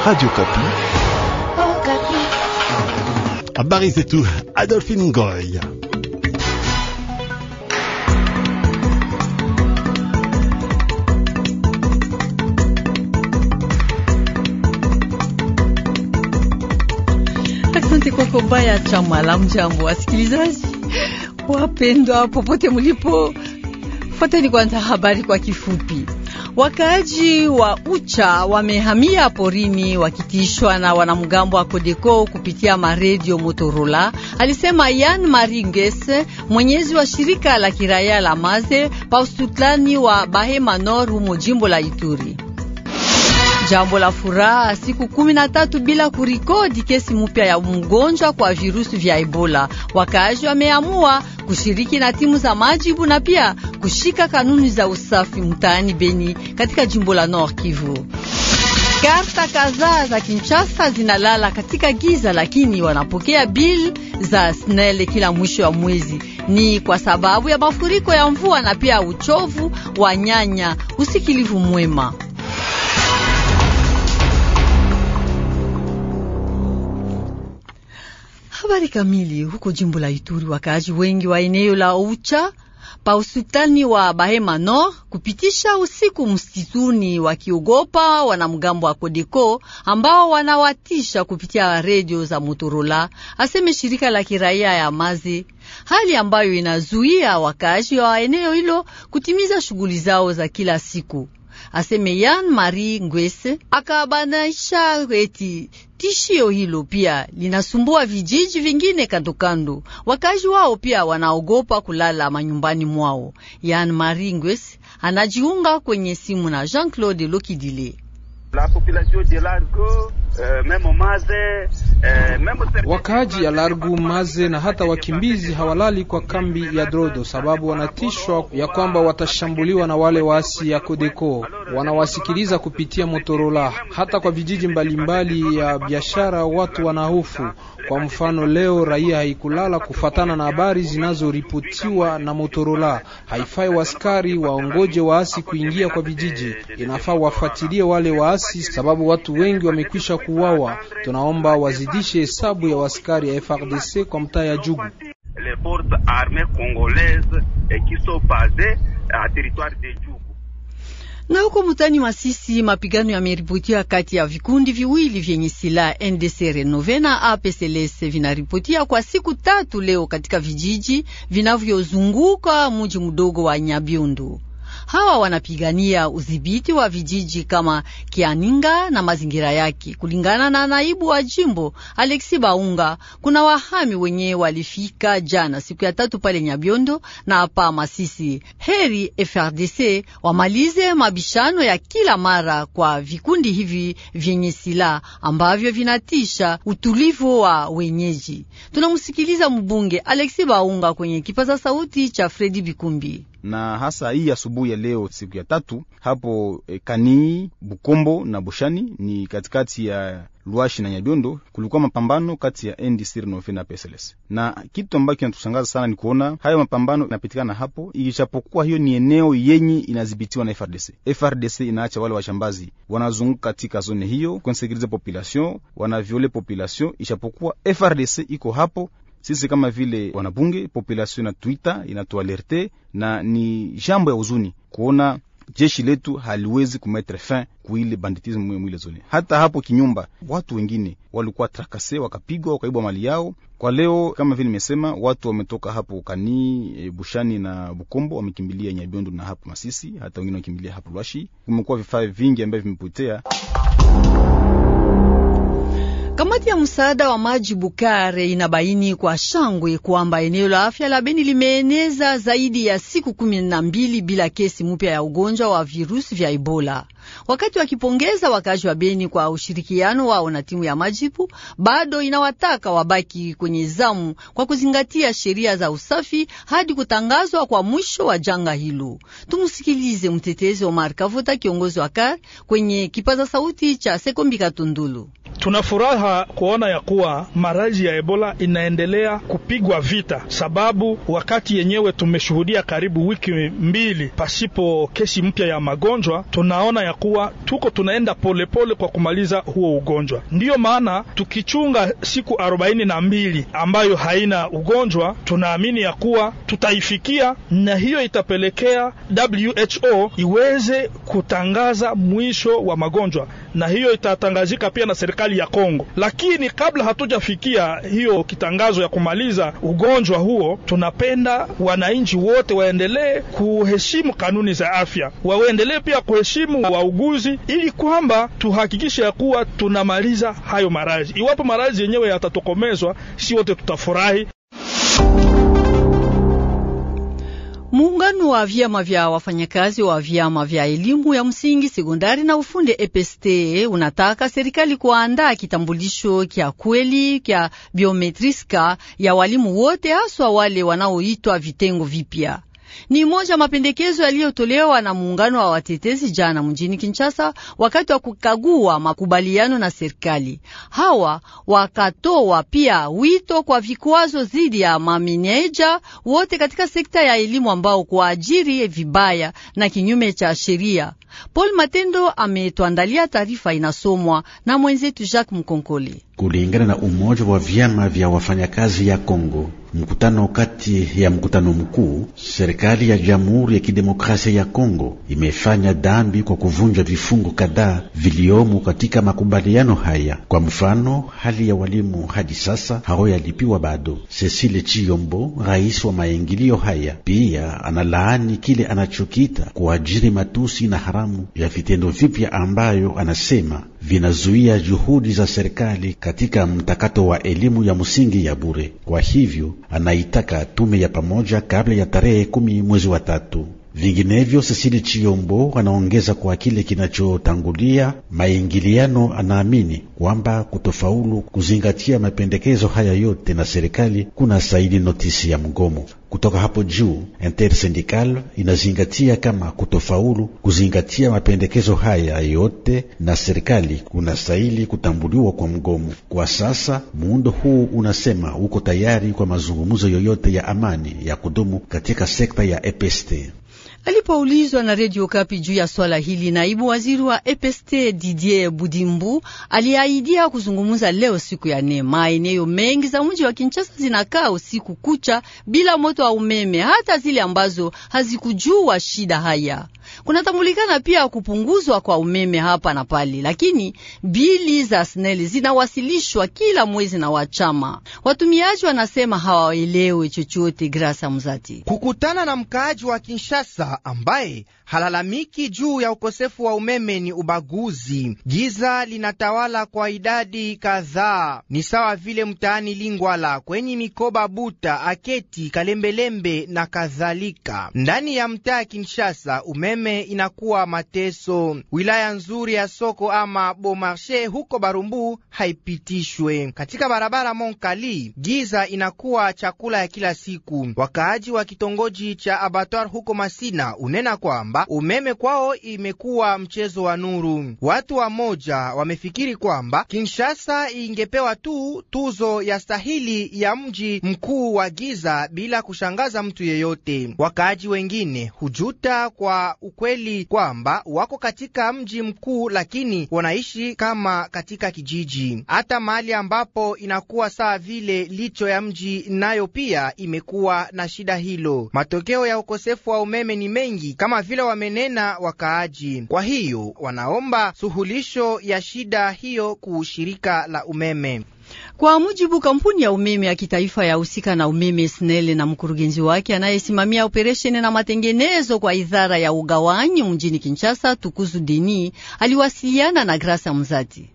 Radio Kapi. Oh, Kapi. Habari zetu Adolphine Ngoy. Asante kwako baya cha mwalamu. Jambo wasikilizaji wapendwa, popote mulipo, fuateni kwanza habari kwa kifupi. Wakaaji wa Ucha wamehamia porini wakitishwa na wanamgambo wa Kodeko kupitia maredio Motorola, alisema Yan Maringes, mwenyezi wa shirika la kiraya la Maze pa wa Bahema nor humo jimbo la Ituri. Jambo la furaha, siku kumi na tatu bila kurikodi kesi mpya ya mgonjwa kwa virusi vya Ebola. Wakaaji wameamua kushiriki na timu za majibu na pia kushika kanuni za usafi mtaani Beni katika jimbo la Nord Kivu. Karta kadhaa za Kinshasa zinalala katika giza, lakini wanapokea bili za SNEL kila mwisho wa mwezi. Ni kwa sababu ya mafuriko ya mvua na pia uchovu wa nyanya. Usikilivu mwema. Habari kamili huko jimbo la Ituri, wakaaji wengi wa eneo la Oucha pa usultani wa Bahema Nord kupitisha usiku msituni wakiogopa wanamgambo wa Kodeko ambao wanawatisha kupitia redio za Motorola, aseme shirika la kiraia ya Mazi, hali ambayo inazuia wakaaji wa eneo hilo kutimiza shughuli zao za kila siku aseme Yan Marie Ngwese akabanaisha eti tishio hilo pia linasumbua vijiji vingine kandokando. Wakazi wao pia wanaogopa kulala manyumbani mwao. Yan Marie Ngwese anajiunga kwenye simu na Jean-Claude Lokidile. La population de Largo Eh, eh, Wakaaji ya Largu Maze na hata wakimbizi hawalali kwa kambi ya Drodo sababu wanatishwa ya kwamba watashambuliwa na wale waasi ya Kodeko. Wanawasikiliza kupitia Motorola. Hata kwa vijiji mbalimbali mbali ya biashara, watu wanahofu. Kwa mfano, leo raia haikulala kufatana na habari zinazoripotiwa na Motorola. Haifai waskari waongoje waasi kuingia kwa vijiji, inafaa wafuatilie wale waasi sababu watu wengi wamekwisha ku kuwawa. Tunaomba wazidishe hesabu ya waskari ya FRDC kwa mtaa ya Jugu. Na huko mutani Masisi, mapigano yameripotia kati ya vikundi viwili vyenye silaha NDC Renove na APCLS vinaripotia kwa siku tatu leo katika vijiji vinavyozunguka mji mdogo wa nyabiundu Hawa wanapigania udhibiti wa vijiji kama Kianinga na mazingira yake. Kulingana na naibu wa jimbo Alexi Baunga, kuna wahami wenye walifika jana siku ya tatu pale Nyabiondo na hapa Masisi. Heri FRDC wamalize mabishano ya kila mara kwa vikundi hivi vyenye silaha ambavyo vinatisha utulivu wa wenyeji. Tunamsikiliza mbunge Alexi Baunga kwenye kipaza sauti cha Fredi Bikumbi na hasa hii asubuhi ya leo siku ya tatu hapo e, Kanii, Bukombo na Bushani ni katikati ya Lwashi na nyabiondo kulikuwa mapambano kati ya NDC Renove na PSLS, na kitu ambacho kinatushangaza sana ni kuona hayo mapambano inapitikana hapo, ikichapokuwa hiyo ni eneo yenye inadhibitiwa na FRDC. FRDC inaacha wale washambazi wanazunguka katika zone hiyo, konsekirize population, wanaviole population, ishapokuwa FRDC iko hapo sisi kama vile wanabunge, population Twitter inatualerte, na ni jambo ya huzuni kuona jeshi letu haliwezi kumetre fin kuile banditisme mwile zone. Hata hapo kinyumba watu wengine walikuwa trakase, wakapigwa, wakaibwa mali yao. Kwa leo kama vile nimesema, watu wametoka hapo kani e, Bushani na Bukombo, wamekimbilia Nyabiondo na hapo Masisi, hata wengine wakimbilia hapo Lwashi. Kumekuwa vifaa vingi ambavyo vimepotea Kamati ya msaada wa maji Bukare inabaini kwa shangwe kwamba eneo la afya la Beni limeeneza zaidi ya siku kumi na mbili bila kesi mpya ya ugonjwa wa virusi vya Ebola wakati wakipongeza wakazi wa Beni kwa ushirikiano wao na timu ya majibu, bado inawataka wabaki kwenye zamu kwa kuzingatia sheria za usafi hadi kutangazwa kwa mwisho wa janga hilo. Tumusikilize mtetezi Omar Kavuta, kiongozi wa kar kwenye kipaza sauti cha Sekombi Katundulu. Tuna furaha kuona ya kuwa maradhi ya Ebola inaendelea kupigwa vita, sababu wakati yenyewe tumeshuhudia karibu wiki mbili pasipo kesi mpya ya magonjwa, tunaona ya kuwa tuko tunaenda polepole pole kwa kumaliza huo ugonjwa. Ndiyo maana tukichunga siku arobaini na mbili ambayo haina ugonjwa, tunaamini ya kuwa tutaifikia, na hiyo itapelekea WHO iweze kutangaza mwisho wa magonjwa na hiyo itatangazika pia na serikali ya Kongo. Lakini kabla hatujafikia hiyo kitangazo ya kumaliza ugonjwa huo, tunapenda wananchi wote waendelee kuheshimu kanuni za afya, waendelee pia kuheshimu wauguzi, ili kwamba tuhakikishe ya kuwa tunamaliza hayo maradhi. Iwapo maradhi yenyewe yatatokomezwa, si wote tutafurahi. Muungano wa vyama vya wafanyakazi wa vyama vya elimu ya msingi, sekondari na ufundi EPST unataka serikali kuandaa kitambulisho kya kweli kya biometriska ya walimu wote, haswa wale wanaoitwa vitengo vipya. Ni moja mapendekezo yaliyotolewa na muungano wa watetezi jana mjini Kinshasa wakati wa kukagua makubaliano na serikali. Hawa wakatoa pia wito kwa vikwazo dhidi ya mamineja wote katika sekta ya elimu ambao kuajiri vibaya na kinyume cha sheria. Paul Matendo ametuandalia taarifa inasomwa na mwenzetu Jacques mkonkoli kulingana na umoja wa vyama vya wafanyakazi ya Kongo. Mkutano kati ya mkutano mkuu, serikali ya Jamhuri ya Kidemokrasia ya Kongo imefanya dhambi kwa kuvunja vifungo kadhaa viliomo katika makubaliano haya. Kwa mfano, hali ya walimu hadi sasa yalipiwa bado. Cecile Chiyombo, rais wa maingilio haya, pia analaani kile anachokita kuajiri matusi na haramu ya vitendo vipya ambayo anasema vinazuia juhudi za serikali katika mtakato wa elimu ya msingi ya bure. Kwa hivyo anaitaka tume ya pamoja kabla ya tarehe kumi mwezi wa tatu Vinginevyo, sesili Chiyombo anaongeza kwa kile kinachotangulia maingiliano, anaamini kwamba kutofaulu kuzingatia mapendekezo haya yote na serikali kuna saidi notisi ya mgomo. Kutoka hapo juu, Intersyndical inazingatia kama kutofaulu kuzingatia mapendekezo haya yote na serikali kuna saili kutambuliwa kwa mgomo. Kwa sasa muundo huu unasema uko tayari kwa mazungumzo yoyote ya amani ya kudumu katika sekta ya EPST. Alipoulizwa na redio Kapi juu ya swala hili, naibu waziri wa EPST Didier Budimbu aliahidia kuzungumza leo siku ya nne. Maeneo mengi za mji wa Kinshasa zinakaa usiku kucha bila moto wa umeme, hata zile ambazo hazikujua shida haya kunatambulikana pia kupunguzwa kwa umeme hapa na pale, lakini bili za SNEL zinawasilishwa kila mwezi na wachama. Watumiaji wanasema hawaelewe chochote. Grasa Mzati kukutana na mkaaji wa Kinshasa ambaye halalamiki juu ya ukosefu wa umeme ni ubaguzi. Giza linatawala kwa idadi kadhaa, ni sawa vile mtaani Lingwala kwenye mikoba Buta, Aketi, Kalembelembe na kadhalika. Ndani ya mtaa Kinshasa umeme umeme inakuwa mateso. Wilaya nzuri ya soko ama Bomarche huko Barumbu haipitishwe katika barabara Monkali. Giza inakuwa chakula ya kila siku. Wakaaji wa kitongoji cha Abattoir huko Masina unena kwamba umeme kwao imekuwa mchezo wa nuru. Watu wa moja wamefikiri kwamba Kinshasa ingepewa tu tuzo ya stahili ya mji mkuu wa giza bila kushangaza mtu yeyote. Wakaaji wengine hujuta kwa ukweli kwamba wako katika mji mkuu, lakini wanaishi kama katika kijiji, hata mahali ambapo inakuwa saa vile licho ya mji, nayo pia imekuwa na shida hilo. Matokeo ya ukosefu wa umeme ni mengi kama vile wamenena wakaaji. Kwa hiyo wanaomba suluhisho ya shida hiyo kuushirika la umeme. Kwa mujibu kampuni ya umeme ya kitaifa ya husika na umeme SNEL na mkurugenzi wake anayesimamia operesheni na matengenezo kwa idhara ya ugawanyi mjini Kinshasa, Tukuzu Deni aliwasiliana na Grasa Mzati.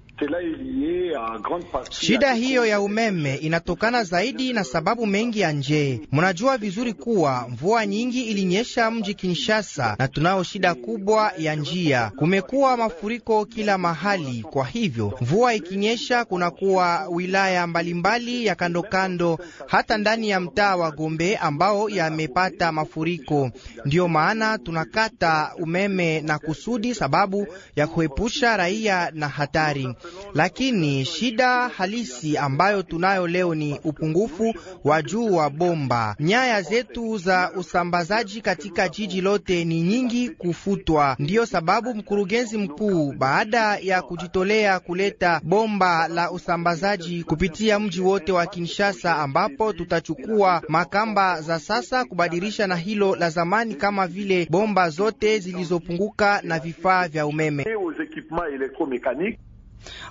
Shida hiyo ya umeme inatokana zaidi na sababu mengi ya nje. Mnajua vizuri kuwa mvua nyingi ilinyesha mji Kinshasa, na tunayo shida kubwa ya njia. Kumekuwa mafuriko kila mahali, kwa hivyo mvua ikinyesha kunakuwa wilaya mbalimbali ya kandokando kando, hata ndani ya mtaa wa Gombe ambao yamepata mafuriko. Ndiyo maana tunakata umeme na kusudi sababu ya kuepusha raia na hatari. Lakini shida halisi ambayo tunayo leo ni upungufu wa juu wa bomba. Nyaya zetu za usambazaji katika jiji lote ni nyingi kufutwa. Ndiyo sababu mkurugenzi mkuu, baada ya kujitolea kuleta bomba la usambazaji kupitia mji wote wa Kinshasa, ambapo tutachukua makamba za sasa kubadilisha na hilo la zamani, kama vile bomba zote zilizopunguka na vifaa vya umeme.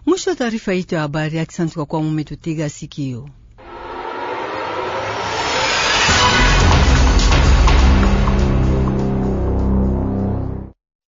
Mwisho wa taarifa yetu ya habari. Akisanti kwa kuwa mumetutega sikio.